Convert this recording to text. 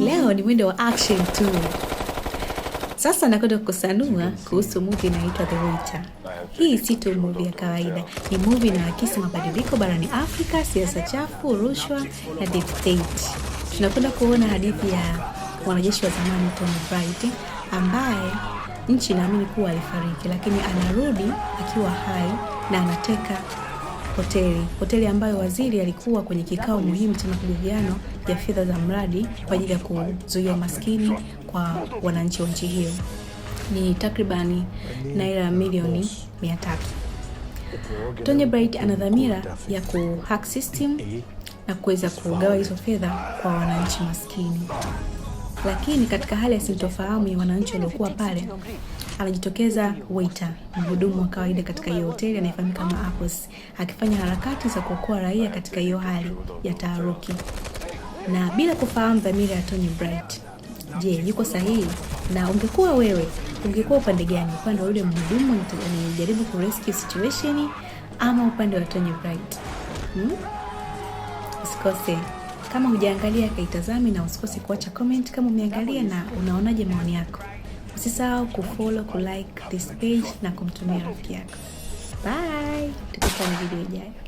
Leo ni mwendo wa action tu. Sasa nakwenda kukusanua kuhusu movie inaitwa The Witcher. Hii si tu movie ya kawaida, ni movie inayoakisi mabadiliko barani Afrika, siasa chafu, rushwa na deep state. Tunakwenda kuona hadithi ya mwanajeshi wa zamani Tom Bright ambaye nchi inaamini kuwa alifariki, lakini anarudi akiwa hai na anateka hoteli, hoteli ambayo waziri alikuwa kwenye kikao muhimu cha makubaliano ya fedha za mradi kwa ajili ya kuzuia maskini kwa wananchi wa nchi hiyo ni takribani naira milioni 300. Tony Bright ana dhamira ya kuhack system na kuweza kugawa hizo fedha kwa wananchi maskini, lakini katika hali ya sintofahamu ya wananchi waliokuwa pale alijitokeza waiter, mhudumu wa kawaida katika hiyo hoteli anayefahamika kama Apos, akifanya harakati za kuokoa raia katika hiyo hali ya taharuki, na bila kufahamu dhamira ya Tony Bright. Je, yuko sahihi? Na ungekuwa wewe, ungekuwa upande gani? Upande wa yule mhudumu anayejaribu ku rescue situation ama upande wa Tony Bright? Hmm? Usikose. Kama hujaangalia kaitazami, na usikose kuacha comment kama umeangalia na unaonaje maoni yako. Usisahau kufollow, kulike this page na kumtumia rafiki yako. Bye, tukutane video ijayo.